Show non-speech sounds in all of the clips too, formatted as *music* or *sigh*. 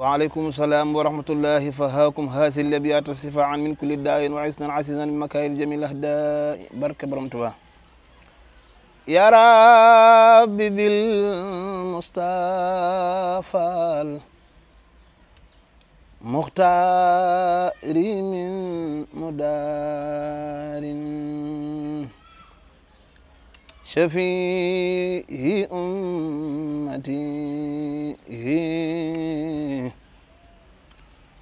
وعليكم السلام ورحمة الله فهاكم هاسي اللي الصفاء عن من كل داء وعيسنا عسيزا من مكاين جميل أهداء بركة برمتبا يا رب بالمصطفى المختار من مدار شفيع أمتي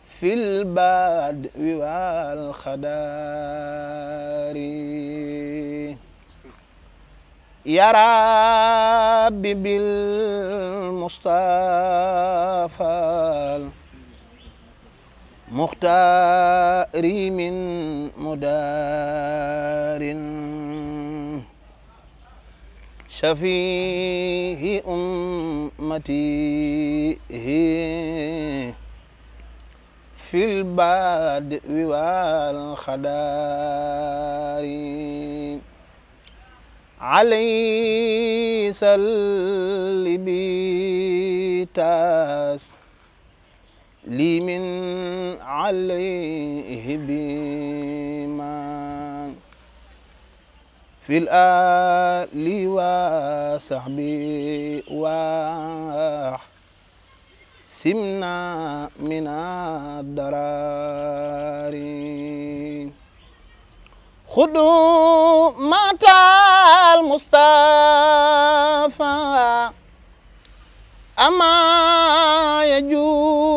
في البعد والخدار يا رب بالمصطفى مختار من مدار شفيع أمتي في البعد والخدار علي سلبي تاس لي من عليه بي في الآل وصحبي واح سمنا من الضرار خذوا مات المصطفى أما يجوز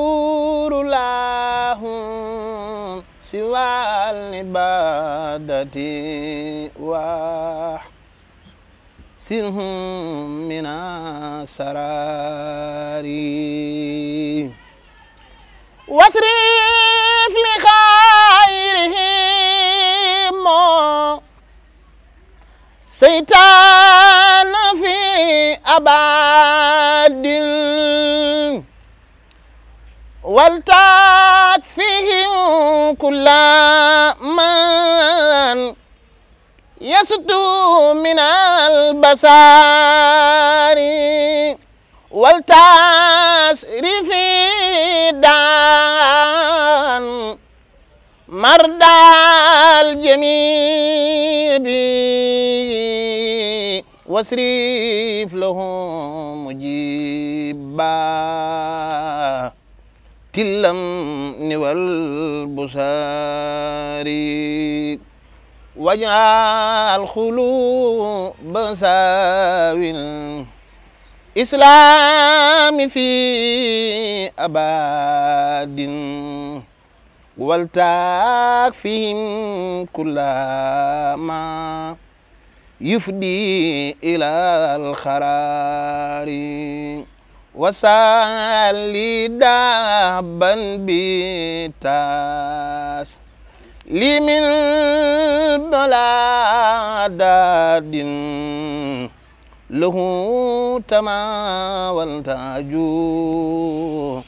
العبادة واحسنهم من سراري واصرف لخيرهم سيطان في أباد ولتات فيهم كل من يسد من البصار والتسري في دان مرد الجميع وسريف لهم مجيبا tillam ni wal busaari wajaal xulu basaawin islaami fi abadin waltaak fihim kullama yufdi ila alxaraari وسالي دابا بتاس لي من بلادات له تماولت أجو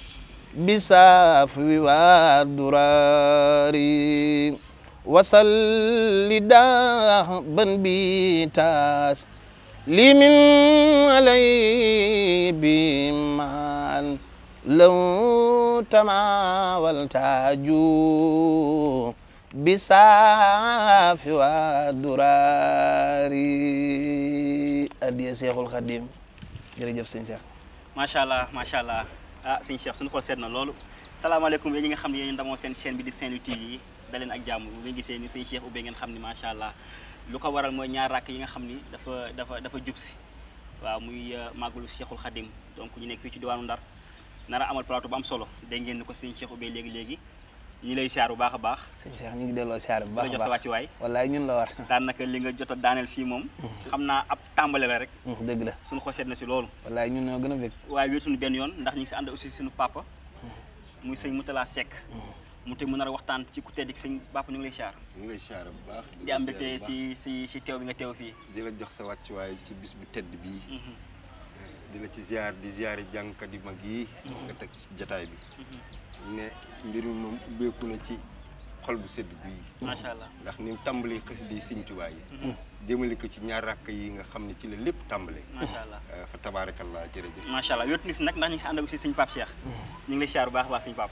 بسافو والدراري وسل دابا بتاس lii علي بمان لو تماولت عجو بساف ودراري أدي شيخ الخديم jërëjëf sëñ Cheikh macha allah macha allah ah sëñ Cheikh suñu xool seet na loolu salaamaaleykum yéen ñi nga xam ne yéen ndamoo seen chaîne bi di seen louis TV ak jàmm bu ngeen gisee ni sëñ Cheikh ubbee ngeen xam ne macha allah lu ko waral mooy ñaar ràkk yi nga xam ni dafa dafa dafa jub si waaw muy euh, màggalu Cheikhul Khadim donc ñu nekk fii ci diwaanu Ndar nara amal plateau bu am solo dégg ngeen ni ko sëñ Cheikh Oubé léegi léegi ñu lay siyaar bu baax a baax sëñ Cheikh ñu ngi delloo seer bu baax a baax jox sa wàccuwaay wallaay ñun la war daanaka li nga jot a daaneel fii moom mhm. xam naa ab tàmbale la rek mhm, dëgg la suñu xol seet na si loolu wallaay ñun ñoo gën a bëgg waaye wéetuñu benn yoon ndax ñu si ànd aussi suñu papa mhm. muy sëñ Moutala Seck mu te mënar waxtaan ci mhm. ku tedd eh, ak sëñ Bàpp ñu ngi lay siyaar ñu ngi lay siyaar bu baax di am bété ci ci ci tew bi nga tew fi di la jox sa waccu way ci bis bu tedd bi di la ci ziar di ziar jàngkat di mag yi nga tek ci jotaay bi ne mbir mi moom ubbeeku na ci xol bu sedd guy macha allah ndax ni tambali xes di sëñ Tuubaa yi jëmale ko ci ñaar rak yi nga xamni ci la lépp tàmbale macha allah fa tabarakallah jere jere allah yóttu ni si nag ndax ñu ci andu ci ak pap Cheikh ñu ngi lay siyaar bu baax ba sëñ pap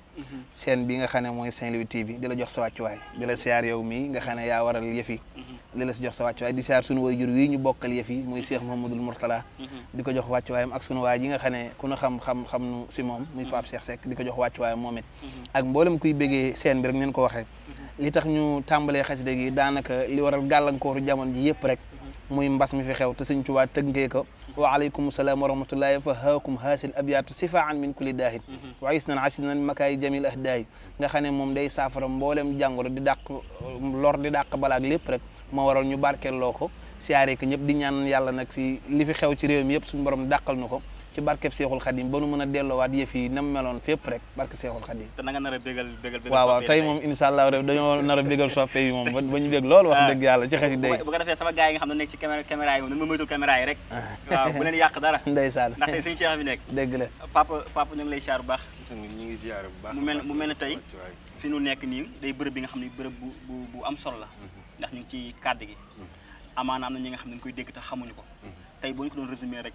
seen bi nga xam ne mooy seen louis TV di la jox sa waay di la siyaar yow mi nga xam ne yaa waral yëf yi mm-hmm. di la si jox sa wàccuwaay di siyaar sunu jur wii ñu bokkal yëf yi muy Cheikh Mouhamadoul Mourtala mm-hmm. di ko jox wàccuwaayam ak sunu waay yi nga xam ne ku nu xam xam nu si moom muy Pape mm-hmm. Cheikh Seck di ko jox wàccuwaayam moom it ak mboolem kuy béggee seen bi rek neen ko waxee li tax ñu tàmbalee xasida gi daanaka li waral gàllankooru jamono ji yëpp rek muy mbas mi fi xew te sëñ Tuubaa tëggee ko wa aleykum salaam wa rahmatullahi fa haakum haasil abyaat sifaan min kulli daahin wa is nan asis nan makaay jamil ahdaay nga xam ne moom day saafara mboolem jàngoro di dàq lor di dàq balaak lépp rek moo waral ñu barkeel loo ko siyaare ko ñëpp di ñaan yàlla nag si li fi xew ci réew mi yëpp suñu borom dàqal na ko ci barkeb Seexul Xadim ba nu mën a delloowaat yëf yi nam meloon fépp rek barke Seexul Xadim. te na nga nar a bégal bégal waaw waaw tey moom incha allah rek dañoo nar a bégal soppe yi moom ba ñu yàlla ci xasi ah, day bu ko defee sama gars yi nga xam ne nekk ci caméra caméra yi moom nañu ma moytul caméra yi rek ah. waaw bu leen ngi lay siyaar bu baax ñu ngi siyaar mu mel mu ne tey fi nu nekk nii day bërëb bi nga xam ne bërëb bu bu bu am solo la mhm. ndax ñu ngi ci kàddu gi mhm. amaana am na ñi nga xam ne dañ koy dégg te xamuñu ko mhm. tey boo ñu ko doon résumé rek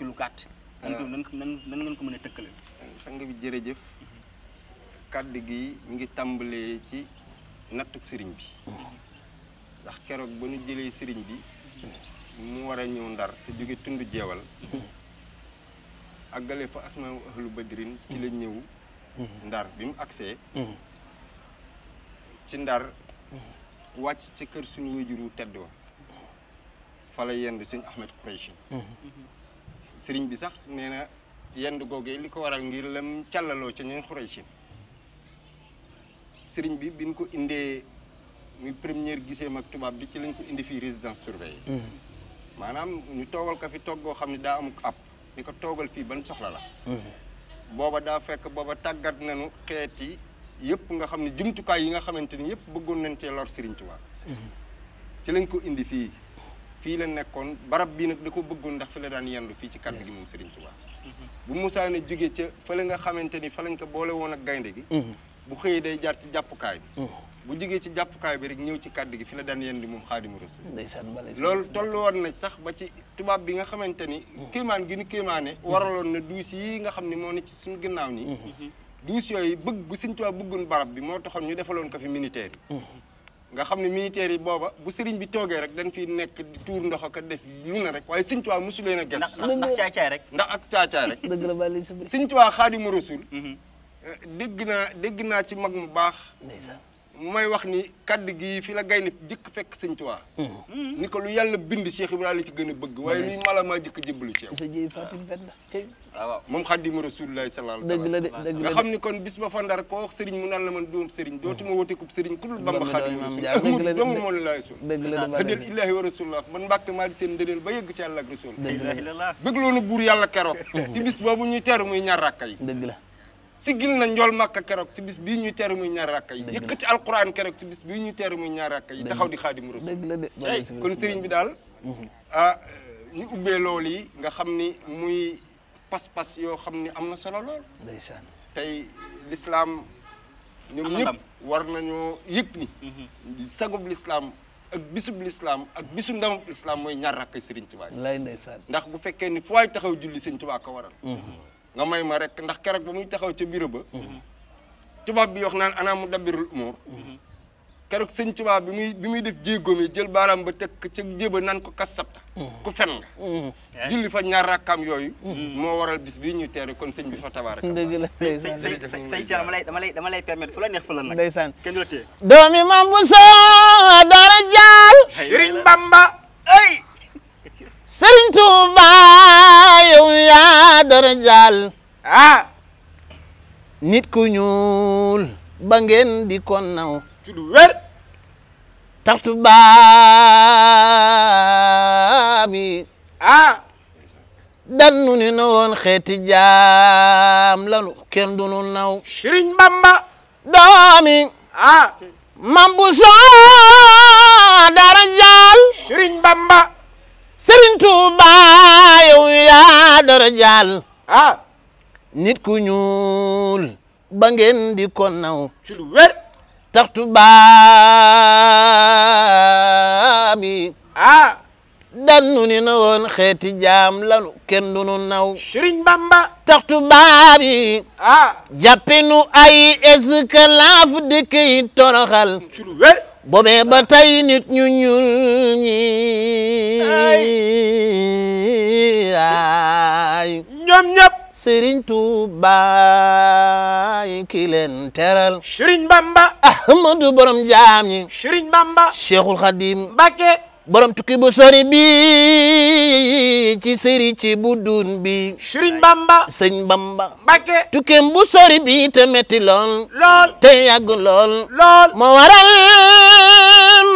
ci lu gàtt. waaw ah. nan nan nan ngeen ko mën a tëkkale. sang bi jërëjëf. kàddu gi mi ngi tàmbalee ci nattuk sëriñ bi. ndax keroog ba nu jëlee sëriñ bi. mu war a ñëw ndar te jóge tund jeewal. àggale fa asmaa ahlu badrin ci la ñëw. ndar bi mu agsee. ci ndar. wàcc ci kër suñu wajuru tedd wa. fa la yend suñu Ahmed Kureyshi. Sering bisa, nena nee na yendu liko li ko waral ngir lam càllaloo ca ñoñ xuraysin bi biñ ko indee muy première giseem mak tubaab bi ci lañ ko indi fii résidence surveillée maanaam ñu toogal ko fi toggoo xam ne daa amuk ab ni togal fi fii ban soxla la booba daa fekk booba tàggat nañu xeeti yëpp nga xam ne jumtukaay yi nga xamante ni yëpp nañ cee lor sëriñ Tuubaa ci lañ indi fi fii la nekkoon barab bi nag da ko bëggoon ndax fi la daan yendu fii ci kàddu gi moom Serigne Touba mm-hmm. bu Moussa ne jógee ca nga xamante ni fële nga ko boole woon ak gaynde gi mm-hmm. bu xëyee day jaar jàppukaay mm-hmm. bu jógee ci jàppukaay bi rek ñëw ci kàddu gi fi la daan yendu moom Xaadimu Rasuul loolu tollu woon na sax ba ci tubaab bi nga xamante ni kéemaan gi ni kéemaane waraloon na duus yii nga xam ne moo ne ci suñu ginnaaw nii duus yooyu bëgg bu Serigne Touba bëggoon barab bi moo taxoon ñu defaloon ko fi militaire yi nga xam ne militaires yi booba bu sëriñ bi toogee rek dañ fi nekk di tuur ndox ak def lu rek waaye Sëriñ Tuubaa mosu leen a ges ndax caacaay rek taa ak caacaay rek dëgg la Sëriñ Tuubaa Xaadimu Rasuul mhm. dégg naa dégg naa ci mag mu baax may wax ni kaddu gii fi la gaynde jëkk fekk sëñ Tuubaa mm-hmm. ni ko lu yàlla bind Cheikh Ibrahima la ci gën a bëgg waaye ni mala maa jëkk jébbalu ci yow sa jiy fatim benn tey moom xaadimu rasulillahi sallallahu dëgg la de dëgg bis ba fa ndar koo wax sëriñ mu naan la man doom sëriñ mm-hmm. dootuma wote kub sëriñ ku dul bamba xaadimu rasul doomu moom la laay wa rasulillah man mbàkk maa di seen ndëneel ba yëgg ci yàlla ak rasul bëgg loonu buur yàlla keroog *laughs* ci bis boobu ñuy teeru muy ñaar yi dëgg la siggil na njool màkka keroog ci bis bii ñuy teeru muy ñaar rakka yi yëkkati alquran keroog ci bis bii ñuy teeru muy ñaar rakka yi taxaw di xaadimu rasul kon sëriñ bi daal mm-hmm. ah ñu ubbee loolu yi nga xam ni muy pas-pas yoo xam ni am na solo lool ndeysaan tey lislaam ñoom ñëpp war nañoo yëg ni mm-hmm. lislaam ak bisub lislaam ak bisu ndamub lislaam mooy ñaar rakk Sëriñ Tuubaa lay ndeysaan ndax bu fekkee ni fu waay taxaw julli siñ Tuubaa ko waral mm-hmm. nga may ma rek ndax keroog mu muy taxaw ca bureau ba tubaab bi wax naan ana mu dabbirul umur keroog sëñ tubaab bi muy bi muy def jéegoom yi jël baaraam ba teg ca jéba nan ko kas sabta ku fen nga julli fa ñaar rakkaam yooyu moo waral bis bii ñu teere kon sëñ bi fa tabaaraka dëgg la sëñ dama lay dama lay dama lay permettre fu la neex fu la nag ndeysaan kenn doomi mam bu dara jaal sëriñ bamba ay sëriñ Tuuba yow yaa darajaal ah nit ku ñuul ba ngeen di naw ci lu wér taxtu baami ah dannu ni na woon xeeti jaam lanu kenn du naw sëriñ Bamba doomi ah mam soo darajaal sëriñ Bamba Sëriñ Tuuba yow yaa darajaal ah. nit ku ñuul ba ngeen di naw ci lu wér tax tubaami ah dannu ni xeeti jaam lanu kenn du nu naw Sëriñ Bamba tax tubaami ah ay esclave di koy boobee ba tey nit ñu ñi ay ñoom ñëpp tu Touba yi ki leen teral Serigne Bamba borom jaam ñi Serigne Bamba Cheikhul Khadim Mbacké borom tukki bu sori bi ci sëriñ ci budun bi. sëriñ bamba. sëñ bamba. Mbàkke. bu sori bi te metti lool. lool te yàgg lool. lool waral.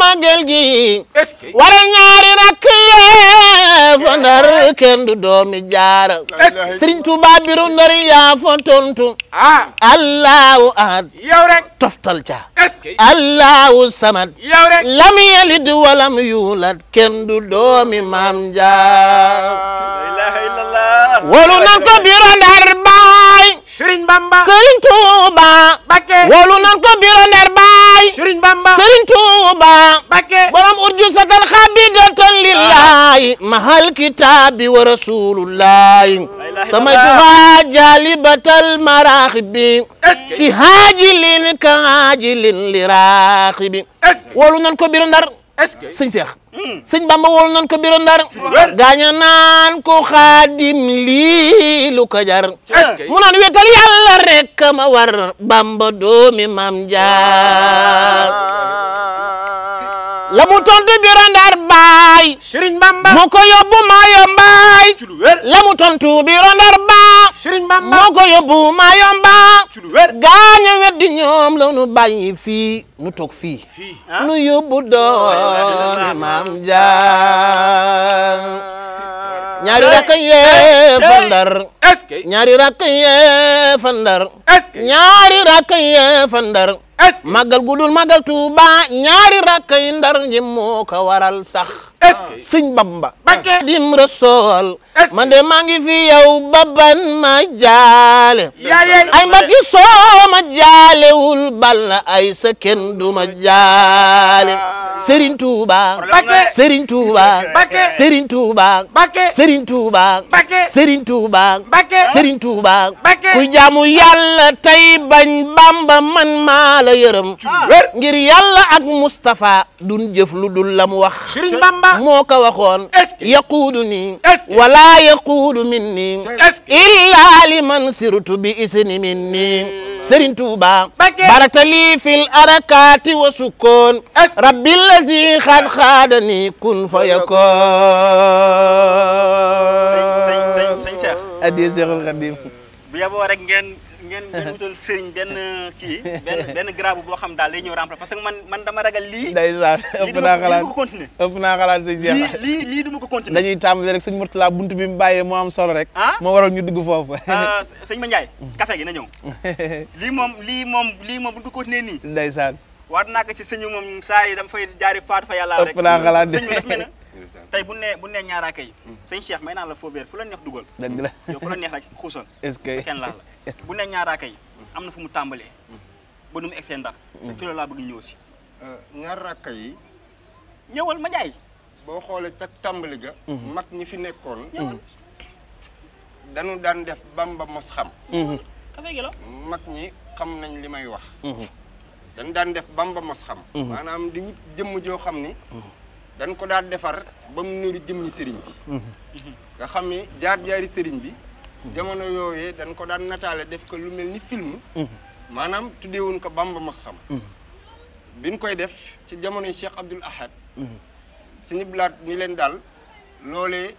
màggal gi waral ñaari rakk yee kenn du doomi jaara Sëriñ Tuubaa biru ndari tontu ah. allahu ahad toftal ca allahu samad lam yalid walam yuulad kenn du doomi maam walu nan ko biro baay Serigne Bamba Serigne Touba Mbacké wóolu nan ko biro nder baay Serigne Bamba Serigne Touba Mbacké borom urju satan xabidatan mahal kitabi wa rasulullahi samaytuha jalibatal maraxibi fi haajilin ka haajilin li raxibi wóolu nan ko biro ndar est que Seex hmm. sëñ Bamba wool nan ko biro ndar gaaña naan ko xaadim lii lu mu naan wetal yàlla rek ma war Bamba doomi maam jaar la mu tontu biro ndar baay. Serigne Bamba moo ko la mu tontu biro ndar baa. Serigne Bamba moo ko yóbbu Mayomba. weddi ñoom la nu bàyyi fii nu toog fii. fii ah. nu yóbbu doon maam Dia. ñaari rakk yee fandar ñaari rakk yee fandar ñaari rakk est-ce que màggal gu dul màggal Tuuba ñaari rakk ndar ñi moo ko waral sax Ah. sëñ Bamba dim rasool man de maa ngi fi yow baban ma jaale ay mbakki soo ma jaalewul bal na ay sa kenn du ma jaale ah. Serigne Touba Serigne Touba Serigne Touba Serigne Touba Serigne Touba Serigne Touba ku jaamu yàlla tey bañ Bamba man maa la ah. ngir yàlla ak Mustapha dun jëf lu la mu wax moo ko waxoon yaquudu nii wala yaquudu min nii illa li man sirtu bi isni min nii hmm. Serigne Touba baratali fil arakati wa sukkoon rabbil lazi xaad xaadani kun fa yakoon adiya Seexul Xadim bu yaboo rek ngeen ngeen ngeen wutal sëriñ benn kii benn benn grave boo xam daal day ñëw remplacer parce que man man dama ragal lii. day saar ëpp naa xalaat ëpp naa xalaat sëñ Cheikh lii lii du ma ko continuer dañuy tàmbali rek sëñ Mourtala mu am solo rek. ah moo waral ñu dugg foofu. Ah, sëñ Ma Ndiaye. café gi na ñëw. *laughs* lii moom lii moom lii moom bu ñu ko day saar waat naa ko ci sëñu moom saa yi dama fay jaari faatu fa yàlla rek. ëpp xalaat sëñ tay bu ne bu ne ñaara kay hmm. sëñ Cheikh mayna la faux vert fu la neex dugal deug la yow fu la neex rek xuusal *laughs* est-ce que ken laal la *laughs* bu ne ñaara kay amna fu mu tambalé hmm. ba nu mu egsee ndar hmm. ci la bëgg ñëw ci euh ñaara kay ñëwal ma jaay bo xolé ca tàmbali ga mat ñi fi nekkoon dañu daan def bamba mos xam ka gi la mat ñi xam nañ limay wax dañu daan def bamba mos xam manam di wut jëmm joo xam dañ ko daal defar ba mu niru jëmmi sëriñ bi nga xam ne jaar-jaari sëriñ bi jamono yooyee dañ ko daan nataale def ko lu mel ni film maanaam tuddeewuñ ko Bamba mos xam biñ koy def ci jamono Cheikh Abdoul Ahad suñu blaat ni leen daal loolee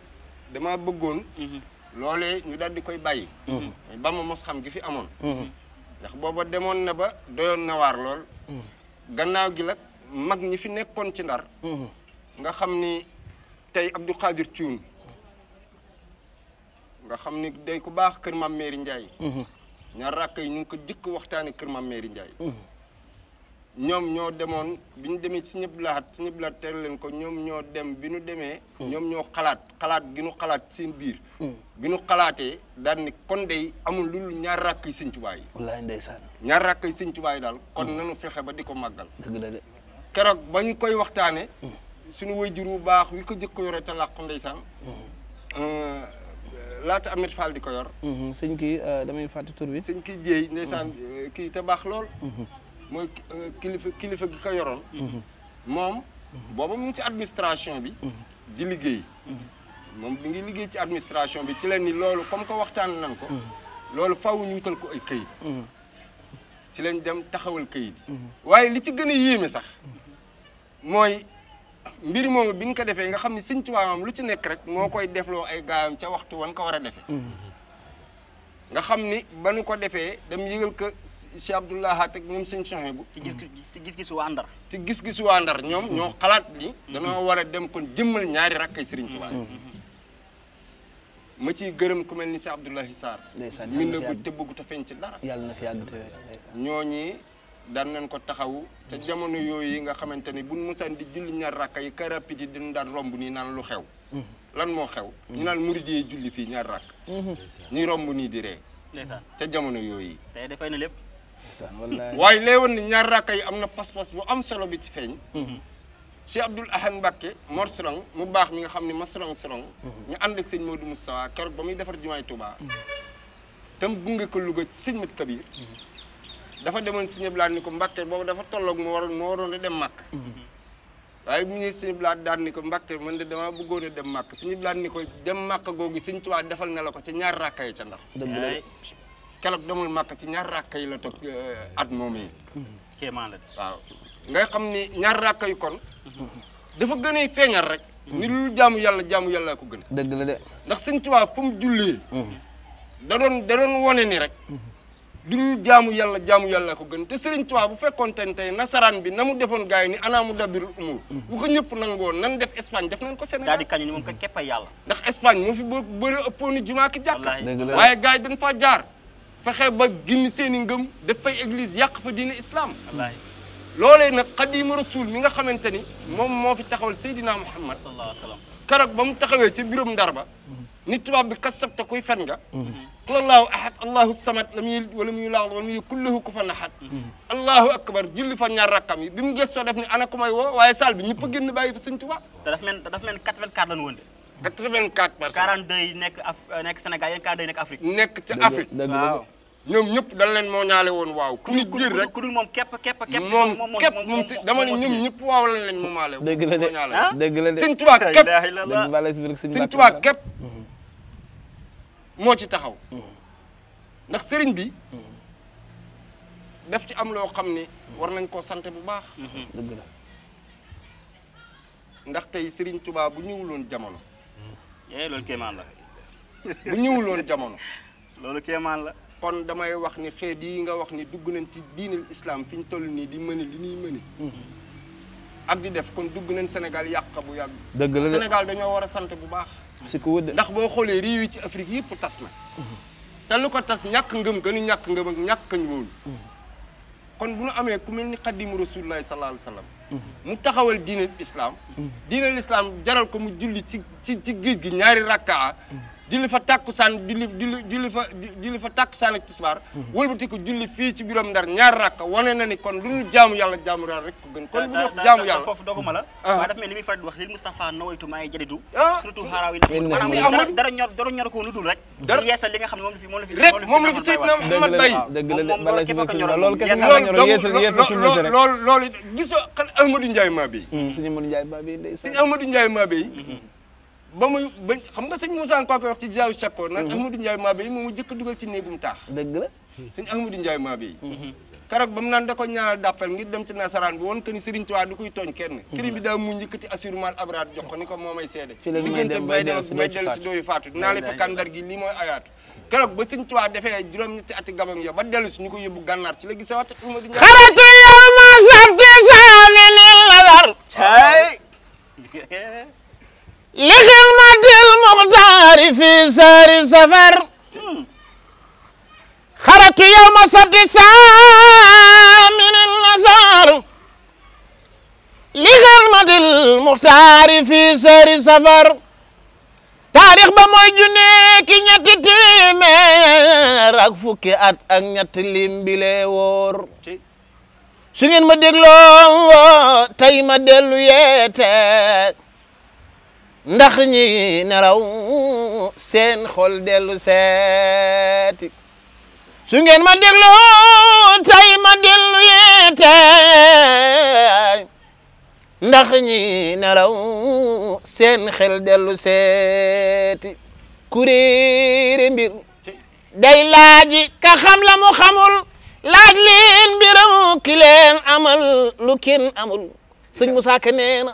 dama bëggoon loolee ñu daal di koy bàyyi mooy mos xam gi fi amoon ndax booba demoon na ba doyoon na waar lool gannaaw gi la mag ñi fi nekkoon ci ndar nga xam ni tey Abdou Khadir Thioune nga xam ni day ku baax kër Mame Mary Ndiaye mhm. ñaar rakk yi ñu ngi ko jëkk waxtaane kër Mame Mary mhm. ñoom ñoo demoon bi ñu demee ci ñëpp laat ci ñëpp laat teral leen ko ñoom ñoo dem bi ñu demee mhm. ñoom ñoo xalaat xalaat gi ñu xalaat seen biir bi ñu xalaatee daal ni kon day amul lu ñaar ràkk yi Sëñ Tuubaa yi wallaahi ndeysaan ñaar rakk yi Sëñ Tuubaa yi daal kon nañu fexe ba di ko màggal dëgg la de keroog ba ñu koy waxtaane suñu wayjur bu baax wi ko jëkk yore te làqu ndeysaan laata Amet Fall di ko yor sëñ kii damay fàtte tur bi sëñ kii jéey ndeysaan kii te baax lool mooy kilifa kilifa gi ko yoroon moom booba mu ngi ci administration bi di liggéey moom mi ngi liggéey ci administration bi ci leen ni loolu comme que waxtaan nan ko loolu faw ñu wutal ko ay këyit ci leen dem taxawal këyit waaye li ci gën a yéeme sax mooy mbir moomu bi ñu ko defee nga xam ne sëñ Tuubaa moom lu ci nekk rek moo koy defloo ay gaayam ca waxtu wan ko war a defee mm-hmm. nga xam ni ba nu ko defee dem yëgal ko si Abdullah ak ñoom sëñ Sohaybu bu ci gis-gisu waa Ndar ci gis-gisu waa Ndar ñoom ñoo mm-hmm. xalaat ni mm-hmm. danoo war a dem kon jëmmal ñaari rakkay sëriñ Tuubaa ma ciy gërëm ku mel ni si Abdullahi Sarr min na guj te bëggu te feeñ ci dara yàlla na fi yàgg te ñooñi dan ngeen ko taxawu te jamono yi nga xamanteni ni buñ musaan di julli ñaar rakka yi karapit yi dañ daan romb ni nan lu xew mhm. lan mo xew mhm. ñu nan murid yi julli fi ñaar rakk mhm. ñi romb ni di ree te jamono yi defay na lepp leewon ni ñaar rakka yi am pass pas-pas bu am solo bi ci feñ Cheikh abdul Ahad Mor mu bax mi nga xamni ne ma ñu ànd ak seigne Modou mustafa kër ba muy defar jumaa Touba tam ko lugu seigne Mat Kabir dafa demoon Sëñ Blaat ni ko Mbàkke boobu dafa tolloog moo waroon moo waroon a dem màkk waaye bu ñuy Sëñ Blaat daan ni ko Mbàkke man de damaa bëggoon a dem màkk Sëñ Blaat ni ko dem màkk googu Sëñ Tuubaa defal na la ko ci ñaar rakka yi ca Ndar keroog demul màkk ci ñaar rakka yi la toog euh, at moom yi kéemaan ngay xam ni ñaar rakka yu kon dafa gën a feeñal rek ni lu jaamu yàlla jaamu yàlla ko gën dëgg la de ndax Sëñ Tuubaa fu mu jullee mm-hmm. da doon da doon wone ni rek mm-hmm. du jaamu yàlla jaamu yàlla ko gën te Serigne Touba bu fekkoon ten tey nasaraan bi na mu defoon gars yi ni anaa mu dabirul umur mm. bu ko ñëpp nangoo nan def Espagne def nan ko Sénégal daal di kañu ni moom ko képp yàlla ndax Espagne moo fi ba bëri ëppooni jumaa ki jàkk waaye gars yi dañ faa jaar fexe ba ginni seeni ngëm def fay église yàq fa diine islam loole nag xadiima rasul mi nga xamante ni moom moo fi taxawal Seydina Muhammad sallallahu alayhi wa sallam ba mu taxawee ci biirum Ndar ba mm-hmm. ni tubaab bi kasabta kuy fen nga mm-hmm. qul allahu ahad allahu samad lam yalid wa lam yulad wa lam yakul lahu kufuwan ahad akbar julli fa ñaar rakkam yi bi mu waaye salle bi ñëpp a génn bàyyi fa sëñ Tuubaa nekk af euh, nekk Sénégal nekk Afrique nekk ci moo ñaale woon waaw ku ñu jël rek ku dul moom képp moom képp moom si moo ci taxaw mm-hmm. ndax sëriñ bi mm-hmm. def ci am loo xam ni war nañ koo sante bu baax mm-hmm. dëgg la ndax tey sëriñ Tuubaa bu ñëwuloon jamono eh loolu kéemaan la *laughs* bu ñëwuloon jamono loolu kéemaan la kon damay wax ni xeet yi nga wax ni dugg nañ ci diinal islam fi ñu toll nii di mëne li ñuy mëne ak di def kon dugg nañ Sénégal yàq bu yàgg dëgg la Sénégal dañoo war a sante bu baax si ko wëdd ndax boo xoolee réew ci Afrique yëpp tas na mhm. te lu ko tas ñàkk ngëm gënu ñàkk ngëm ak kañ wóolu mhm. kon bu nu amee ku mel ni xadimu rasulullahi sallallahu alayhi wasallam mhm. mu taxawal diinal islam diinal islam jaral ko mu julli ci ci ci géej gi ñaari rakkaa julli fa takkusaan julli julli julli fa julli fa takkusaan ak tisbaar mhm. wëlbati ko julli fi ci biram ndar ñaar rak wane na ni kon duñu jaamu yalla jaamu rek ko gën kon bu jaamu yalla ah. daf wax lil Mustafa nawaytu maay jadidu ah. surtout xaaraaw yi dara ñor dara ñor ko nu rek yeesal li nga xam ne la fi moom la fi rek moom la fi Seydina Muhammad bay dëgg la bala nga ñor yeesal yeesal suñu rek kan Ahmadou Ndiaye Mabé hmm, suñu Ahmadou Ndiaye Mabé ndeysaan suñu Ahmadou ba muy ba xam nga sëñ Moussa Kouaké wax ci jaaw Chakor naan mhm. Ahmadou Ndiaye Mabé yi moom mu jëkk dugal ci néegum taax dëgg la sëñ Ahmadou Ndiaye mhm. keroog ba mu naan da ñaanal dàppal ngir dem ci nasaraan bi woon que ni Serigne Touba du koy tooñ kenn mhm. Serigne bi daa mu njëkkati assurément abraat jox ko ni ko moo seede diggante bay dem dooyu faatu dinaa fi kàndar gi lii ayaatu keroog ba Serigne Touba defee juróom-ñetti ati gabam yo ba dellu ñu ko yóbbu gànnaar ci la *laughs* لكن ما كل مختار في سير سفر خرك يوم صدسا من النزار لكن ما كل مختار في سير سفر تاريخ بموي جنيك نياتي تيمير اك ات أنيا نياتي ليمبيلي وور سي نين ما ديغلو تاي ما ديلو ييتك ndax ñi nelaw seen xol delu seeti su ngeen ma deglo tay ma delu yete ndax ñi nelaw seen xel dellu seeti kuréeri mbir day laaji ka xam la mu xamul laaj leen mbiramu ki leen amal lu kenn amul sëñ Moussa Ka neena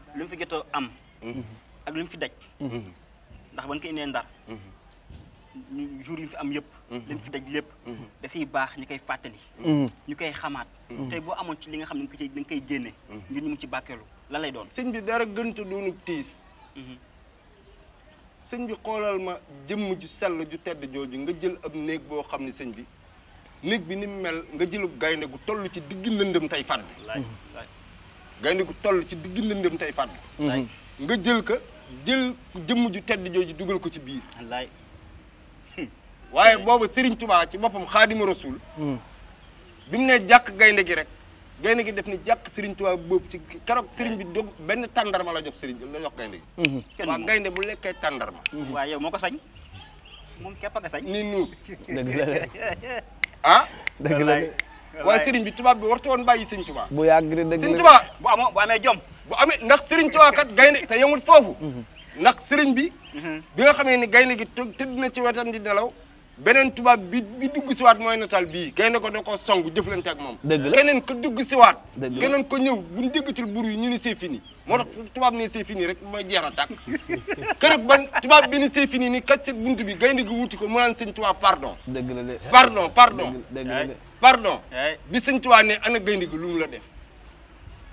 lu mu fi jot am. Mm-hmm. ak li mu fi daj. Mm-hmm. ndax ban ko indee ndar. Mm-hmm. jour yi fi am yëpp. li mu fi daj lépp. dafay baax ñi koy fàttali. ñu koy xamaat. tey boo amoon ci li nga xam ne da nga koy génne. ngir ñu mu ci bàkkeelu lan lay doon. sëñ bi dara gënt doonu tiis. sëñ bi xoolal ma jëmm ju sell ju tedd jooju nga jël ab néeg boo xam ne sëñ bi néeg bi ni mu mel nga jëlu gaynde gu toll ci digg lëndëm tey fàdd. gaynde gu toll ci digg ndëndëm tey fàdd nga jël ka jël jëmm ju tedd jooju dugal ko ci biir hmm. waaye boobu Serigne Touba ci boppam xaadima rasul hmm. bi ne jàkk gaynde gi rek gaynde ki def ni jàkk Serigne Touba boobu ci keroog Serigne bi dog benn tàndarma la jox Serigne la jox gaynde gi hmm. waaw gaynde bu lekkee tàndarma moo ko sañ moom képp a ni nuub *laughs* ah waaye sëriñ bi tubaab bi warta woon bàyyi sëriñ tubaab bu yàgg de dëgg sëriñ tubaab bu amoo bu amee jom bu amee ndax sëriñ tubaab kat gaynde te yemul foofu ndax sëriñ bi mhm. bi nga xamee ni gaynde gi tëdd na ci wetam di nelaw beneen tubaab bi bi dugg siwaat mooy nataal bii gaynde ko da ko song jëflante ak moom dëgg la keneen ko dugg siwaat keneen ko ñëw buñ déggatul bur yi ñu ni c'est fini moo tax tubaab ne c'est fini rek mooy jeex a tàkk *laughs* kërëb ban tubaab bi ni c'est fini ni kaccat bunt bi gaynde gi wuti ko mu naan seen tubaab pardon dëgg la de pardon pardon dëgg la de pardon bi sëñ Tuubaa ne ana gaynde gi lu mu la def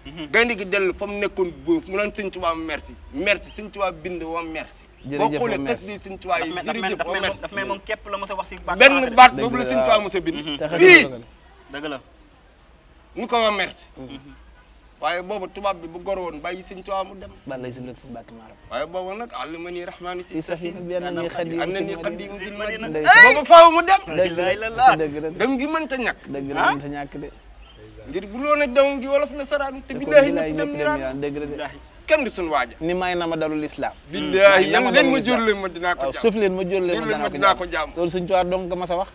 mhm. gaynde gi dellu fa mu nekkoon góof mu naan sëñ Tuubaa merci merci sëñ Tuubaa bind wa merci boo xoolee xës bi sëñ Tuubaa yi jërëjëf wa merci daf mel moom képp a wax si baat benn baat boobu la sëñ Tuubaa mos a mhm. fii dëgg la merci mhm. waaye boobu tubaab bi bu gorowoon woon bàyyi sëñ Tuubaa mu dem ballay si lëg sëñ Mbàkke Maaram waaye boobu nag àllima nii rahmaani fi safina bi anna nii xadi anna nii xadi musil madina boobu faaw mu dem dëgg la dem gi mënta ñàkk dëgg la mënta ñàkk de ngir bu loona dem gi wolof na saraan te billaahi ñëpp dem ñiraan dëgg la de kenn du suñu waaja ni may na ma dalul islam billaahi yan leen ma jur leen ma dinaa ko leen ma jur leen ma dinaa ko jaam loolu suñ tuwaar donc ma sa wax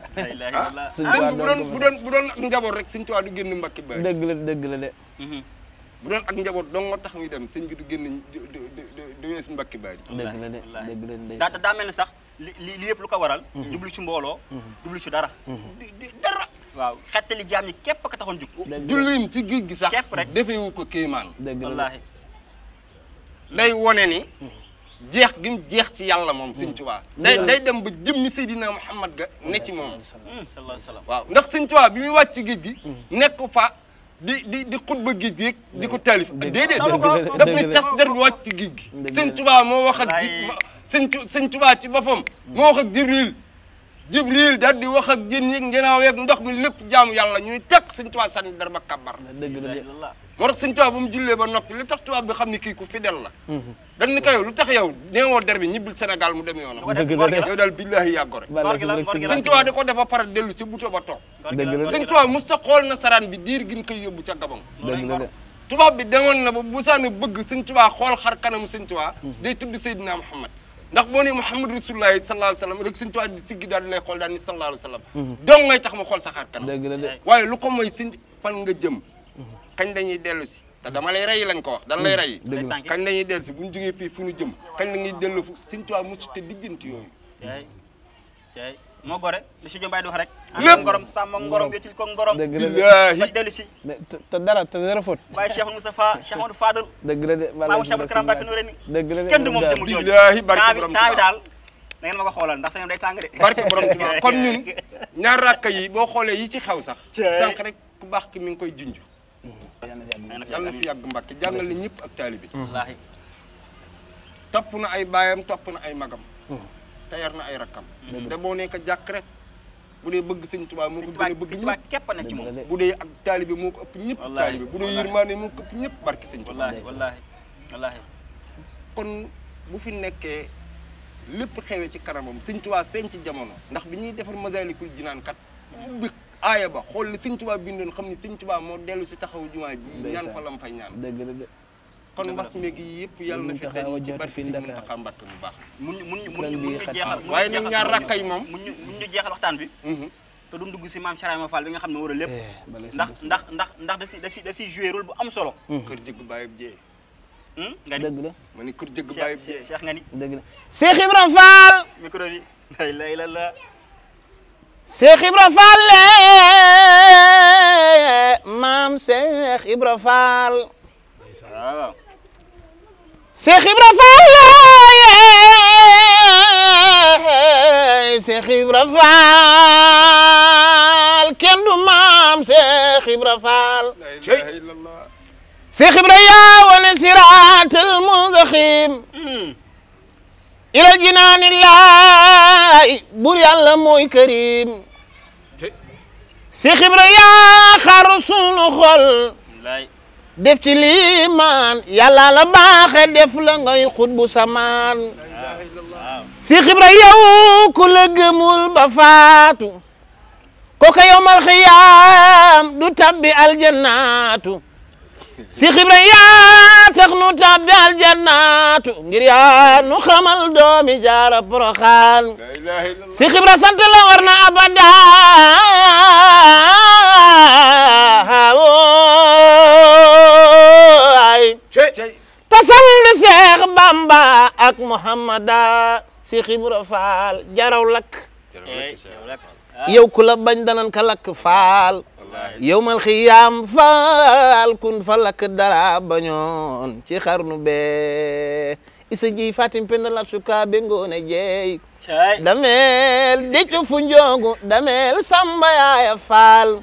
suñ tuwaar donc bu doon bu doon njaboot rek suñ tuwaar du génn mbakki ba dëgg la dëgg la de budon ak njabot dong nga tax ñu dem señ bi du genn du wess mbakki baay deug la de dëgg la de da mel sax li li yep lu ko waral djublu mhm. ci mbolo djublu mhm. ci dara mhm. dara waaw xettali jaam ñi képp ko taxoon jug jullim ci géej gi sax defey wu ko keeman wallahi day wone ni jeex gi mu jeex ci yalla mom señ Tuubaa day day dem ba jëmmi sayidina Muhammad ga ne ci mom sallallahu alaihi wasallam mm, waaw ndax señ Tuubaa bi mi wacc ci gi nek fa di di di xutba géej gi di ko taalif déedéet daf ni tas der wàcc ci géej gi sëñ tubaa moo wax ak sëñ sëñ tubaa ci boppam hmm. moo wax ak jibril jibril daal di wax ak jën yeeg ngenaaw yeeg ndox mi lépp jaamu yàlla ñuy teg sëñ tubaa sànni der ba kabar dëgg moo tax sëñ tubaab bu mu jullee ba noppi lu tax tubaab bi xam ni kii ku fidèle la mhm. dañ ni ko yow lu tax yow neewoo der bi ñibbil Sénégal mu dem yoonam yow daal billaahi yàggo rek sëñ tubaab da ko def ba pare dellu si buto ba toog sëñ tubaab mos ta xool na saraan bi diir gi ñu koy yóbbu ca gabon tubaab bi demoon na ba bu saana bëgg sëñ tubaab xool xar kanamu sëñ tubaab mhm. day tudd Seydina Muhammad ndax boo ne Muhammad Rasulullah sallallahu alayhi wa sallam rek sëñ Tuubaa di siggi daal di lay xool daal ni sallallahu alayhi wa sallam. Mhm. dong tax ma xool sa xar kan. dëgg la de waaye lu ko mooy sëñ fan nga jëm. kañ dañuy dellu si te dama lay rey lañ ko wax dan lay hmm. rey kañ dañuy dellu si bu ñu jógee fii fu ñu jëm kañ dañuy dellu fu Sëñ Tuubaa musu te digganti yooyu cay cay moo gore li si jombaay di wax rek lépp ngorom sàmm ngorom wéetul ko ngorom billaahi dellu si te dara te dara fóot waaye Cheikh Moustapha Cheikh Amadou Fadal dëgg la de maamu Cheikh Bakram dëgg la de kenn du moom jëmul yooyu billaahi barke borom temps bi daal ko xoolal ndax sa day *laughs* rakka yi boo xoolee yi ci xew sax sànq rek ku baax ki mi ngi koy junj yàlla na fi yàgg Mbàkke jàngal na ñëpp ak taalibi topp na ay baayam topp na ay magam hmm. te yar na ay rakkam hmm. te boo nekk jàkk rek bu dee bëgg sëñ Tuubaa moo ko gën a bëgg ñëpp képp bu dee ak taalibi moo ko ëpp ñëpp taalibi bu dee yërmaane moo ko ëpp ñëpp barki sëñ Tuubaa wallaahi wallaahi kon bu fi nekkee lépp xewee ci kanamam sëñ Tuubaa feeñ ci jamono ndax bi ñuy defar Masaalikul Jinaan kat ubbi aya ba xol li seigne touba bindon xamni seigne touba mo delu ci taxaw juma ji ñaan fa lam fay ñaan deug la de kon mbas mi gi yëpp yàlla na fi dañ ci barki si mun taxaa mbàkk bu baax mun mu mun ñu jeexal waye nag ñaar rakka yi moom mun ñu jeexal waxtaan bi mhm. te duñ dugg si maam Saraama Fall bi nga xamni wara lepp eh, ndax ndax ndax ndax da ci da ci da ci jouer rôle bu am solo keur mhm. kër baye bi hmm nga ni dëgg la ma ni kër jëgg bàyyi jee Cheikh nga ni deug la Cheikh ibrahim Fall micro bi *laughs* la la la Cheikh Ibra Fall maam Cheikh Ibra Fall Cheikh Ibra Fall Cheikh Ibra Fall kenn du maam Cheikh Ibra Fall Cheikh Ibra yaa wane siraatal mustaqim ilal jinaani laay bur yàlla mooy karim si xibra yaa xar sunu xol def ci liimaan yàlla la baaxe def la ngay xutbu samaan si xibra yow ku la gëmul ba faatu kooka yowmal xiyaam du tabbi aljannaatu si xibra yaa tax nu tàbbi aljannaatu ngir yaa nu xamal doomi jaara poroxaan si xibra sant la war na abada ay seex bamba ak muhammada si xibra faal jaraw lakk yow ku bañ danan ka lakk faal yowmal xiyaam faal kun fa lakk dara bañoon ci xarnu bee isa ji fatim pendalat suka be ngoone jeey dameel diccu fu njongu dameel samba yaaya faal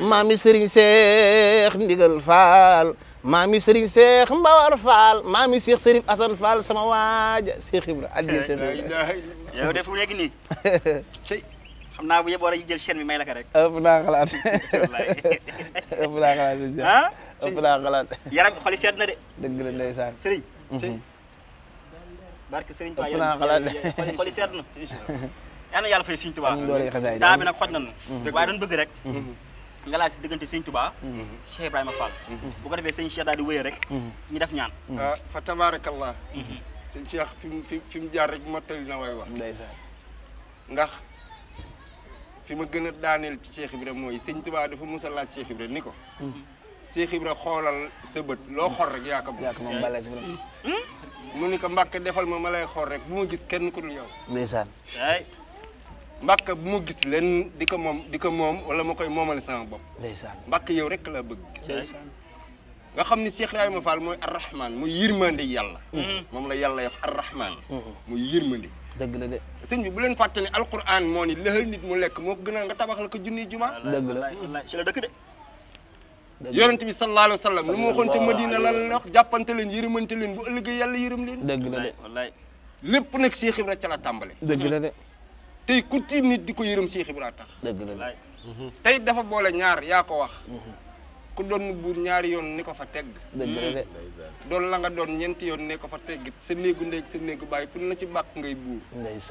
maami sëriñ seex ndigal faal maami sëriñ seex mbawar faal maami seex sërif asan faal sama waaja seex ibra addi seen yow def mu nekk nii *laughs* xam naa bu yëpp war a jël chaîne bi may la ko rek. ëpp naa xalaat *laughs* ëpp naa xalaat bi jeex. ah ëpp naa xalaat. yaram xoli seet na de. dëgg la ndeysaan Serigne. Mhm. barke Serigne Touba ëpp naa xalaat de xoli seet na. yal *laughs* na yàlla fay Serigne Touba. doole xasaay taa bi nag xoj nañu. Mhm. waaye doon bëgg rek. Mhm. nga laaj si diggante sëñ Touba. Cheikh Ibrahima Fall. bu ko defee sëñ Cheikh daal di wëyee rek. ñu def ñaan. ah fa tabaarakallah. sëñ Cheikh fi mu fi mu jaar rek mottali na way wax. ndeysaan ndax. fi ma gën a daaneel ci Cheikh Ibra mooy sëñ Tuubaa dafa mu a laaj Cheikh Ibra ni ko. Cheikh Ibra xoolal sa bët loo xor rek yaa ko moom. yaa ko mu ni ko Mbàkke defal ma ma lay xor rek bu ma gis kenn ku dul yow. ndeysaan. Mbàkke bu ma gis leen di ko moom di ko moom wala ma koy moomal sama bopp. ndeysaan Mbàkke yow rek la bëgg. ndeysaan nga xam ni Cheikh Ibrahima Fall mooy arrahman muy yërmande yàlla. Mm-hmm. moom la yàlla yox arrahman. muy mm-hmm. yërmande. dëgg la de sëñ bi bu leen fàttali alquran moo ni lëxal nit mu lekk moo ko gënal nga tabax la ko junniy juma dëgg la ci la dëkk de yonent bi sallallahu alayhi wa sallam lu mu waxoon ca Madina lan la wax jàppante leen yërëmante leen bu ëllëgee yàlla yërëm leen dëgg la de wallaay lépp nag Cheikh Ibra ca la tàmbale dëgg la de tey ku tiim nit di ko yërëm Cheikh Ibra tax dëgg la de tey dafa boole ñaar yaa ko wax mhm. ku doon buur ñaari yoon ni ko fa tegg doon la nga doon ñeenti yoon ne ko fa tegg sa néegu ndey sa néegu bàyyi fu na ci bàkk ngay buur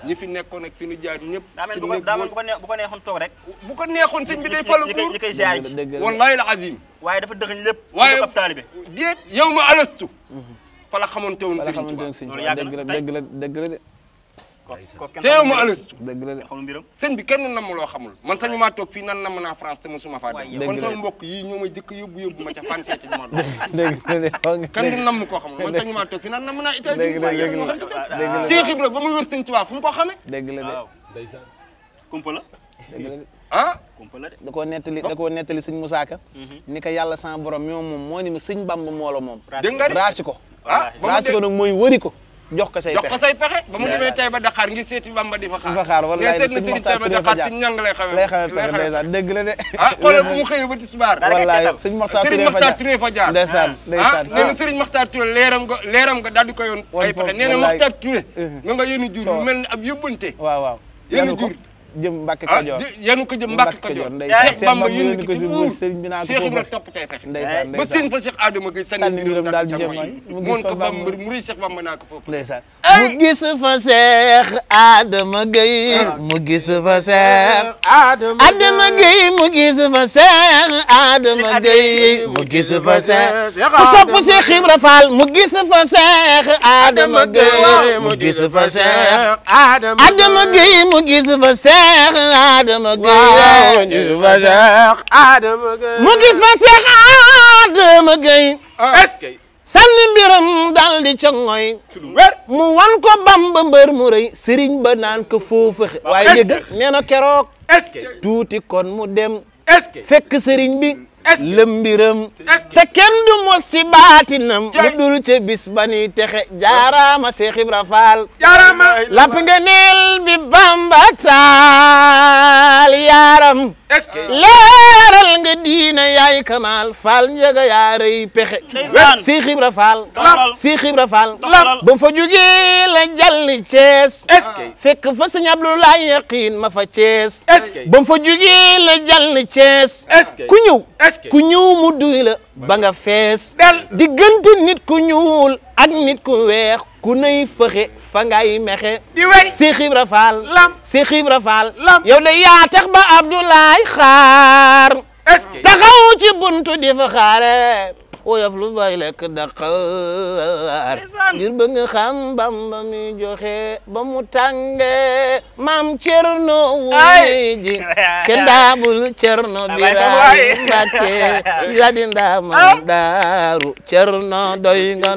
ñi fi nekkoon ak fi nu jaar ñëpp daa mel bu ko neexoon toog rek bu ko neexoon sëñ bi day falu buur ñi koy jaay wallahi la azim waaye dafa dëxañ lépp waaye ab taalibe déet yow ma alastu mhm. fa la xamoon tewoon sëñ bi dëgg la dëgg la dëgg la teew ma alus dëgg la de bi kenn namm loo xamul man sañu maa toog fii nan namm naa France te mosuma faa dem kon sama mbokk yi ñoo may jëkk yóbbu ma ca fan seeti ma doon *laughs* kenn du namm koo xamul man sañu maa toog nan namm naa États-Unis Cheikh ba muy wër sëñ mu ko xame ah? Ka mhm. ni ko yàlla sama borom ñoom ma sëñ Bamba moo moom raasi ko raasi ko nag mooy wëri ko jox ko say pexe jox ko say pexe ba mu demee tey ba Dakar ngi seeti Bamba di fa xaar. di fa xaar wallaay nag suñu waxtaan turee fa jaar ñang lay xamee. lay xamee pexe ndeysaan dégg la de. ah xoolal bu mu xëyee ba tisbaar. wallaay suñu waxtaan turee fa jaar Serigne Makhtar Touré fa jaar. ndeysaan ah, ndeysaan ah nee na Serigne Makhtar Touré leeram nga leeram nga daal di ko yoon. ay pexe nee na Makhtar Touré. Uh-huh. nga nga yéen a jur lu mel ni ab yóbbante. waaw waaw yéen a jur jëm Mbacke ah, Kajoor yenu ko jëm Mbacke Kajoor Cheikh Bamba yéen ko ci buur sëriñ bi naa ko Cheikh Ibra topp tey fekk ndeysaan ba seen fa Cheikh Adama Gueye sànni mbiram daal di jëmmal mu gis fa Bamba mu rëy Cheikh Bamba naa ko foofu ndeysaan eh! mu gis fa Cheikh Adama Gueye mu gis fa Cheikh Adama Gueye mu gis fa Cheikh Adama Gueye mu gis fa Cheikh ku sopp Cheikh Ibra Fall mu gis fa Cheikh Adama Gueye mu gis fa Cheikh Adama Gueye mu gis fa Cheikh Seex mu gis fa Seex Adama Gueye ah. est-ce que dal di ca mu wan ko Bamba mbër mu rëy ba naan ko foofu waaye yëg nee na keroog tuuti kon mu dem est-ce que bi lëmbiram te kenn du mos ci baatinam lu dul ca bis ba ni texe jaaraama Seex Ibra Faal jaaraama lapp bi Bamba taal yaaram leeral nga diina yaay kamaal faal njëga yaarey pexe si xibra faal si xibra fa jugee la jàll Cees ah. fekk fa sëñ Abdoulaye yaqiin ma fa Cees ba fa jugee la jàll Cees ku ñëw ku ñëw mu duy la ba nga fees diggante nit ku ñuul ak nit ku weex ku fëxe fa ngay mexe di wéy si xibra faal lam si xibra faal lam yow de yaa tax ba Abdoulaye xaar taxaw ci buntu di xaare woyof lu bay lekk daqaar ngir bëgg nga xam bamba mi joxe ba mu tànge maam cerno wuy ji *laughs* kenn daabul cerno biraay *laughs* mbàkke ya di ndaamam ah. daaru cerno doy nga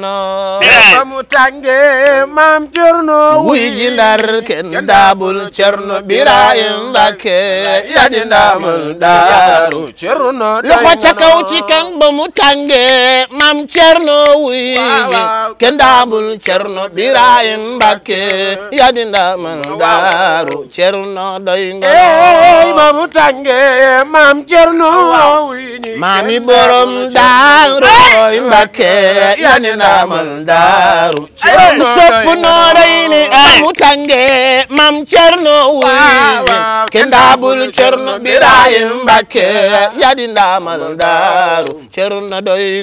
ba mu tànge maam cerno wuy ji ndar kenn daabul cerno biraay mbàkke ya di ndaamam daaru cerno doy nga kan ba mu tànge Mbàkke mam Cerno wuy ke ndaamul Cerno Birahim Mbàkke ya di ndaamal daaru Cerno doy nga ey ma bu tànge mam Cerno wuy mami borom daaru doy Mbàkke ya di ndaamal daaru Cerno sopp noo rey ni ma bu tànge mam Cerno wuy ke ndaamul Cerno Birahim Mbàkke ya di ndaamal daaru Cerno doy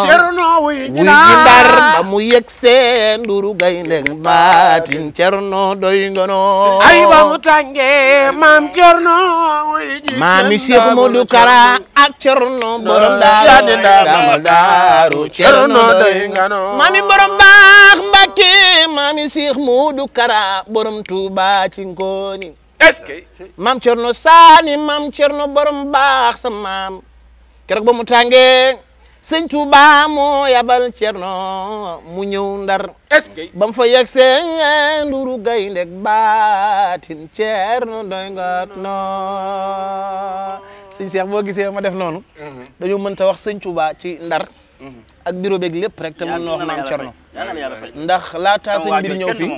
cerno wuy ji ndar mu yegg seen nduru gayndeg baatin cerno doy ndono ay ba mu tàngee maam cerno wuy ji maami Cheikh Modou Kara ak cerno borom daaru cerno doy ngano maami borom baax Mbakke maami Cheikh Modou Kara borom Tuuba ci ngooni est cerno saani maam cerno borom baax sa maam ba mu tàngee sëñ Tuubaa moo yabal Cerno mu ñëw Ndar ba mu fa yegsee nduru gaynde ak baatin Cerno doy nga no sëñ Cheikh boo gisee ma def noonu mhm. dañoo mën ta wax sëñ Tuubaa ci Ndar mhm. ak bureau beeg lépp rek te mën na wax naam ndax laataa sëñ bi di ñëw fii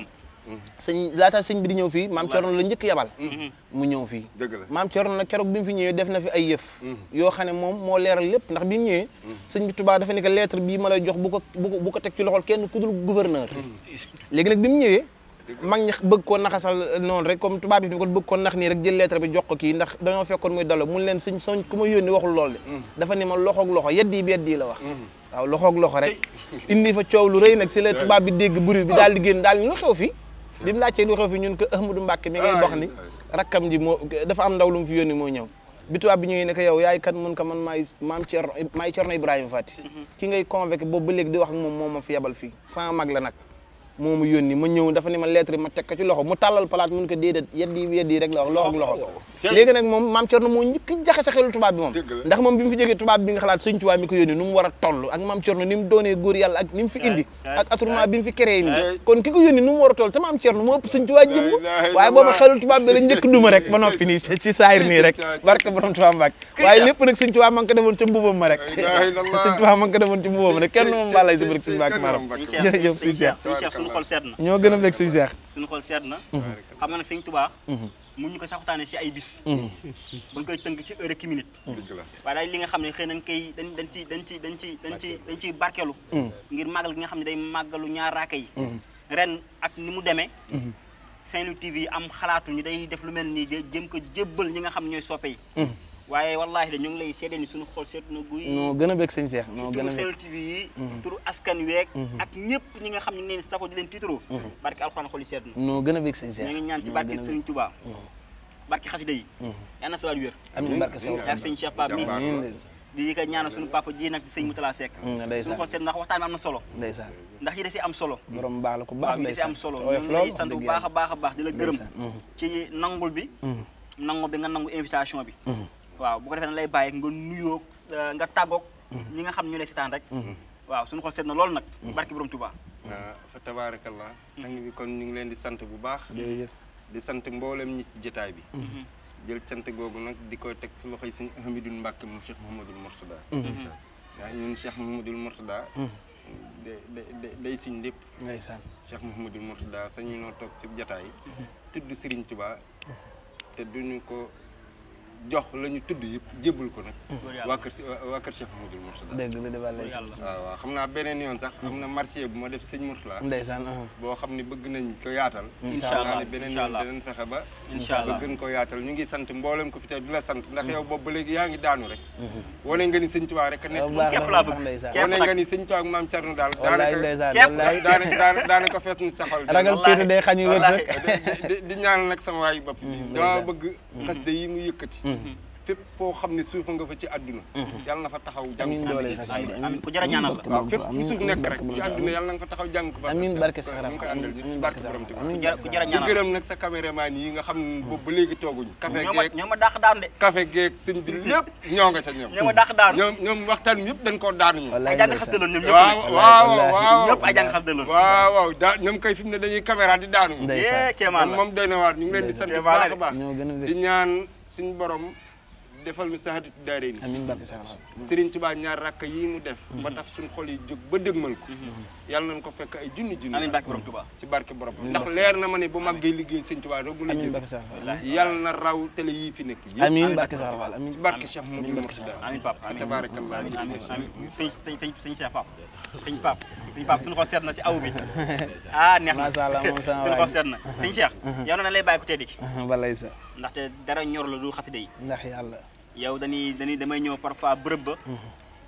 sëñ laata sañ bi di ñëw fii maam Thierno la njëkk yabal mm-hmm. Mm-hmm. mu ñëw fii dëgg la maam Thierno nag keroog bi mu fi ñëwee def na fi ay yëf mm-hmm. yoo xam ne moom moo leeral lépp ndax bi mu ñëwee sëñ bi Tuubaa dafa ne bii ma lay jox bu ko bu ko teg ci loxol kenn ku dul gouverneur léegi nag bi mu ñëwee mag ñi bëgg koo naxasal noonu rek comme tubaab bi fi ko bëgg nax nii rek jël lettre bi jox ko kii ndax dañoo fekkoon muy dalo mun leen suñ soñ ku ma yónni waxul lool de dafa ni ma loxoog loxo yedd yi bi yedd la wax waaw loxoog loxo rek indi fa coow lu rëy nag si la *laughs* tubaab bi dégg bruit bi daa di génn daal lu xew fii bi mu laajtee lu xew fi ñun ko Ahmadou Mbacke mi ngay wax ni rakkam ji moo dafa am ndaw lu mu fi yónni moo ñëw bi tubaab bi ñëwee ne ko yow yaay kan mun ko man maay maam Thierno maay Thierno mhm. ki ngay convoqué boobu ba léegi di wax ak moom moo ma fi yebal fii sama mag la nag moo mu yónni ma ñëw dafa ne ma lettre ma teg ko ci loxo mu tàllal palaat mun ko déedéet yeddi yeddi rek la wax loxo ak loxo léegi nag moom maam Thierno moo njëkk jaxe sa xelu tubaab bi moom ndax moom bi mu fi jógee tubaab bi nga xalaat sëñ tubaab mi ko yónni nu mu war a toll ak maam Thierno ni mu doonee góor yàlla ak ni mu fi indi ak assurement bi mu fi créé nii kon ki ko yónni nu mu war a toll te maam Thierno moo ëpp sëñ tubaab jëmm waaye booba xelu tubaab bi la njëkk duma rek ba noppi nii ci saayir nii rek barke borom tubaab mbàkk waaye lépp nag sëñ tubaab ma ngi ko defoon ci mbubam ma rek sëñ tubaab ma ngi ko defoon ci mbubam rek kenn moom balay si bëri sëñ mbàkk maram jërëjëf sëñ Cheikh suñu xol sedd na ñoo gën a bëgg suñu seex suñu xol sedd na xam nga nag sañ Tuubaa mhm. mun ñu ko sax waxtaane ci ay bis ba mhm. ñu koy tënk ci heure ak minute waaye daal li nga xam ne xëy nañ koy dañ dañ ci dañ ci dañ ci dañ ci dañ ciy barkeelu mhm. ngir màggal gi nga xam ne day màggalu ñaar raaka yi ren ak ni mu demee Saint-Louis yi am xalaatu ñu day def lu mel nii jëm ko jébbal ñi nga xam ne ñooy soppe yi waaye wallaahi de ñu ngi lay seede ni suñu xol seet na guy. noo gën a sëñ Cheikh noo gën a mhm. mhm. ñëpp ñi nga xam ne mhm. na. noo gën a bëgg sëñ Cheikh ñu ngi ñaan ci barke na sa wér. amiin barke di suñu papa ji nag di sëñ Moutala Seck. suñu xol seet ndax waxtaan am na solo. ndeysaan ndax yi da si am solo. borom baax la ku baax ndeysaan am solo ñu lay sant bu baax a baax a baax di la gërëm ci nangul bi nangu bi nga nangu invitation bi waaw bu ko defee na lay bàyyi nga nuyoo euh, nga tàggoog mm-hmm. ñi nga xam ñu lay seetaan rek mm-hmm. waaw suñu xol seet na loolu nag mm-hmm. barki borom Tuubaa fa tabaarakallah sang bi kon ñu ngi leen di sant bu baax di sant mboolem ñi jotaay bi jël cant googu nag di koy teg fu loxoy sëñ Hamidou Mbacke moom Cheikh Mouhamadoul Mourtada waaw ñun Cheikh Mouhamadoul Mourtada day day day suñ lépp ndeysaan Cheikh Mouhamadoul Mourtada sañu noo toog ci jotaay tudd Serigne Touba te duñu ko jox la ñu tudd yëpp jébbal ko nag. waa kër waa kër Cheikh Mouhamadoul Mourtada. dëgg la de wàllu ah, waaw xam naa beneen yoon sax. am na marché bu ma def sëñ Mourtada. ndeysaan uh-huh. boo xam ne bëgg nañ ko yaatal. incha allah naa ne beneen yoon danañ fexe ba. incha allah gën ko yaatal ñu ngi sant mboolem ko fi la sant ndax mm-hmm. yow boobu ba léegi yaa ngi daanu rek. Mm-hmm. wane nga ni sëñ Tuubaa rek. nekk képp laa bëgg wane nga ni sëñ Tuubaa ak maam Cerno daal. wallaahi fees ni sa xol. ragal pété day xañu wërsëg di ñaanal nag sama waayu bopp mm-hmm. dama bëgg xas yi mu yëkkati fépp foo xam ne suufa nga fa ci àdduna mhm. yàlla na fa taxaw jàng ko jërë ñaanal la waaw fépp fu suuf nekk rek ci àdduna yàlla na nga fa taxaw jàng ko amiin barke sa xaram amiin barke sa xaram ku jërë ñaanal gërëm nag sa caméraman yi nga xam mhm. ma dàq daan nga ca ma dàq daan ñoom ñoom di daanu moom doy na waat ñu ngi leen di sant bu baax a baax ñaan suñ borom defal ñu saxatu daare ni amiin barke Serigne Touba ñaar rakk yi mu def ba tax suñu xol yi jóg ba dëgmal ko mm-hmm. yàlla nañ ko fekk ay junni junni amiin barke borom Tuubaa ci barke ndax leer na ma ne bu màggee liggéey sëñ Tuubaa rek la jëm yàlla na raw télé yii fi nekk yëpp amiin barke Sara Fall amiin ci barke Cheikh Mouhamadou Mourtada amiin Pape amiin tabarakallah sëñ sëñ si bi ah neex na suñu xol seet na *laughs* ah, *laughs* sëñ Cheikh *laughs* yow na lay bàyyi ko teddi balay sa ndaxte dara ñor la du xasida yi ndax yàlla yow dañuy dañuy damay ñëw parfois bërëb ba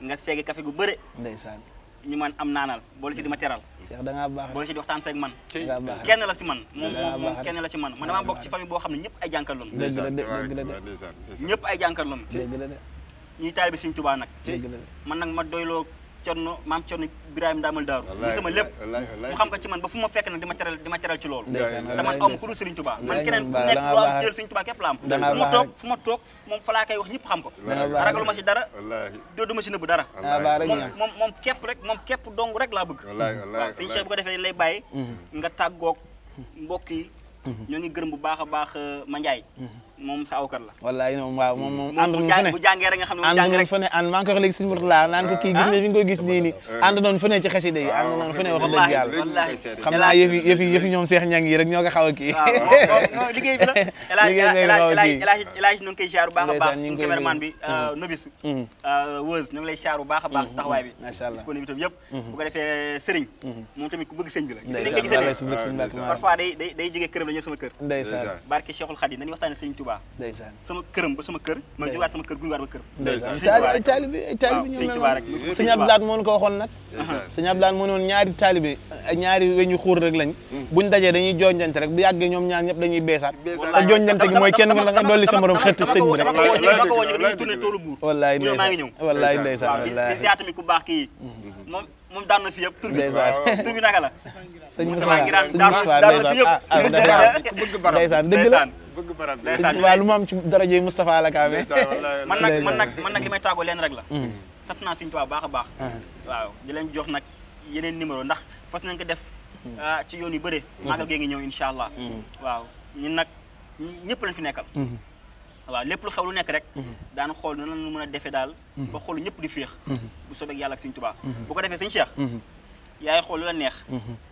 nga seegi kafe gu bëre ndeysaan ñu man am naanal boole si di ma teral a da ngaa baax boole si di waxtaan seeg man kenn la si man moom moom kenn la si man man damaa bokk ci famille boo xam ne ñëpp ay jànkar lun ñëpp ay jànkar lun ñuy taalibe Sëriñ Tuubaa nag man nag ma doyloo no maam conno Birahim daamal daaru mu sama lépp mu xam ko ci man ba fu ma fekk nag dima teral dima teral ci loolu te man am ku dul Serigne Touba man keneen ku nekk doo am jël Serigne Touba képp am fu ma toog fu ma toog moom fa laa koy wax ñëpp xam ko ragalu ma si dara doo du ma si nëbbu dara moom moom moom képp rek moom képp dong rek laa bëgg waaw Serigne Cheikh bu ko defee lay bàyyi mm-hmm. nga tàggoog mbokk yi mm-hmm. ñoo ngi gërëm bu baax a baax euh, Mandiaye mm-hmm. moom sa aw la wallahi moom waaw moom moom ànd nañ fu ne bu jàngee rek nga xam ne moom jàng rek fu ne ànd maa ngi ko wax léegi suñu wër laa naan ko kii gis ah? nga fi nga ko gis nii nii ah, ànd noonu fu ne ci xasida yi ah, ànd noonu fu ne wax dëgg yàlla xam naa yëfi yëfi yëfi ñoom seex ñang yi rek ñoo ko xaw a kii liggéey bi la elage *laughs* ñu ngi koy ziar bu baax a baax ñu cameraman bi euh, mm-hmm. nobis mm-hmm. euh, wëz ñu ngi lay ziar bu baax a baax mm-hmm. taxawaay bi disponibilité bi yëpp bu ko defee sëriñ moom tamit ku bëgg sëñ bi la parfois day day jógee këram la ñëw sama kër barke Cheikhul Khadim Touba Touba sama këram ba sama kër ma jógaat sama kër gunwaat ba kër ay taalibe ay taalibe ñu mel noonu sëñ Abdoulaye moo ko waxoon nag sëñ Abdoulaye moo noon ñaari taalibe ñaari weñu xuur rek lañ buñ dajee dañuy jonjante rek bu yàggee ñoom ñaar ñëpp te gi mooy kenn ku ne nga dolli sa morom xëtt sëñ rek wallaay ndeysaan moom daan na fi yëpp tur bi tur bi naka la. sëñ Moussa Ngiraan daan na fi yëpp ah, ah, bëgg baram ndeysaan dëgg la bëgg baram ndeysaan waaw lu ma am ci daraje Moustapha la kaame man nag man nag man nag li may tàggoo leen rek la mm. sant naa suñu tubaab baax a baax ah. waaw di leen jox nag yeneen numéro ndax fas nañ ko def mm. ci yoon yu bëre maagal mm. gee ngi ñëw incha allah waaw ñun nag ñëpp lañ fi nekkal waaw lépp lu xew lu nekk rek mhm. daan xool na lan lu mën a defee daal mhm. ba xool ñëpp di féex mhm. bu sobeek yàlla ak suñ tubaa bu ko defee suñ cheikh yaay xool lu la neex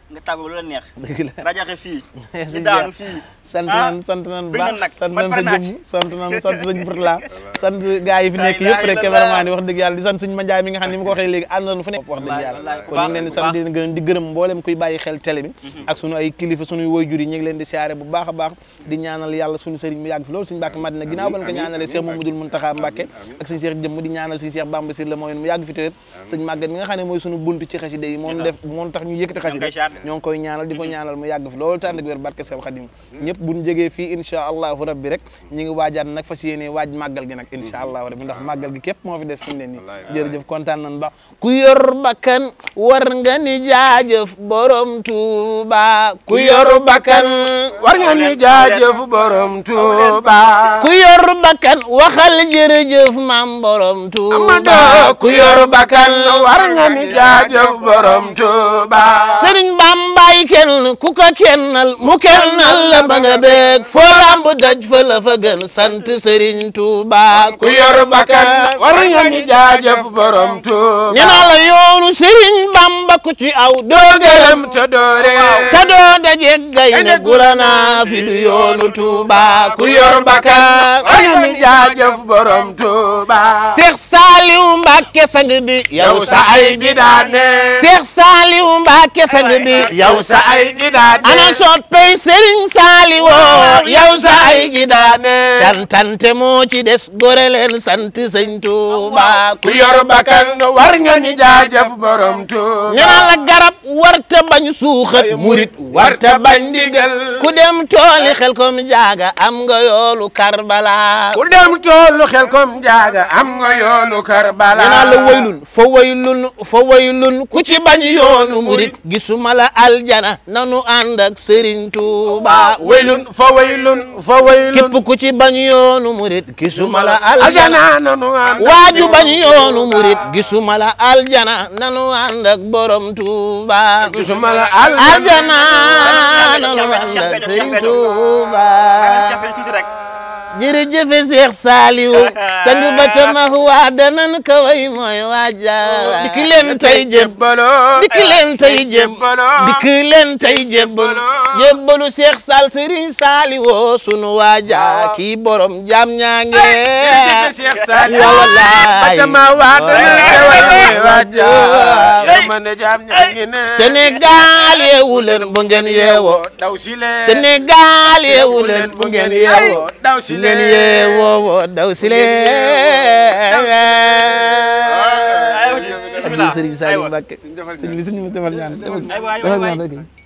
nga tàggu lu la neex. dëgg la rajaxe fii. ñu *laughs* daanu fii sant ah. nañ sant nañ baax sant nañ sant *laughs* sañ Mourtala sant gars yi fi nekk yëpp rek cameraman yi wax dëgg yàlla di sant suñ Mandiaye mi nga xam ne mi ko waxee léegi ànd nañu fu nekk leen di sant di leen gërëm di gërëm mboolem kuy bàyyi xel télé bi mhm. ak suñu ay kilifa suñuy waajur yi ñu leen di siyaare bu baax a baax di ñaanal yàlla suñu sëriñ mu yàgg fi loolu suñ Mbàkke Madina ginnaaw ban ko ñaanalee Cheikh Mamadou Mountakha Mbacké ak suñ Cheikh Jëmm di ñaanal mu yàgg fi téwét suñ màggat mi ñong koy ñaanal di mhm. ñaanal mu yagg fi lolou tan ak wer barke sa Xadim mhm. ñëpp buñu jégué fi insha allahu rabbi rek ñi ngi wajjan nak fasiyene wajj magal gi nak insha mhm. rabbi ndax magal gi kep mo fi dess fi mu ne nii jërëjëf contane nañ ba ku yor bakkan war nga ni jaajeuf borom tuba. ku yor bakkan war nga ni jaajeuf borom tuba. ku yor bakkan waxal jërëjëf mam borom tuba. ku yor bakkan war nga ni jaajeuf borom tuba. Sëriñ Ba maam bàyyi kenn ku ko kennal mu kennal la sant Serigne Touba ku yor bakkan war nga ñu jaajëf borom Touba ñu na la yoonu Serigne bi yow sa ay bi daane Seex Saaliw Mbàkke sang yow sa ay gidaane ana soppey Serigne Saliou oh, yow sa ay gidaane santante moo ci des gore leen sant Sëñ Tuuba ku yor bakkan war nga ni jaajëf borom Tuuba ñu naan la garab warta bañ suuxat murit warta bañ digal ku dem tooli xel kom jaaga am nga yoolu Karbala ku dem toolu xel kom jaaga am nga yoolu Karbala ñu naan la waylun fa waylun fa waylun ku ci bañ yoonu murit gisuma la aljana nanu ànd ak Serigne Touba. Ah, waylun fa waylun fa waylun. bañ yoonu murit gisuma la aljana nanu ànd borom Touba. gisuma la aljana nanu ànd ak Serigne jërëjëf Cheikh Saliou *laughs* sang ba ca max waa danan ka mooy waaja oh, dikk leen tey jébbaloo dikk leen tey jébbaloo dikk leen tey jébbaloo jébbalu oh, sunu waaja oh. kii borom jam ñaange Cheikh Saliou ba ca max waa danan ka way mooy leen yeewoo eh. woo daw si leen ak ah, sëriñ Saliou Mbacké sëriñ bi sëriñ bi defal ñaan defal ñaan rek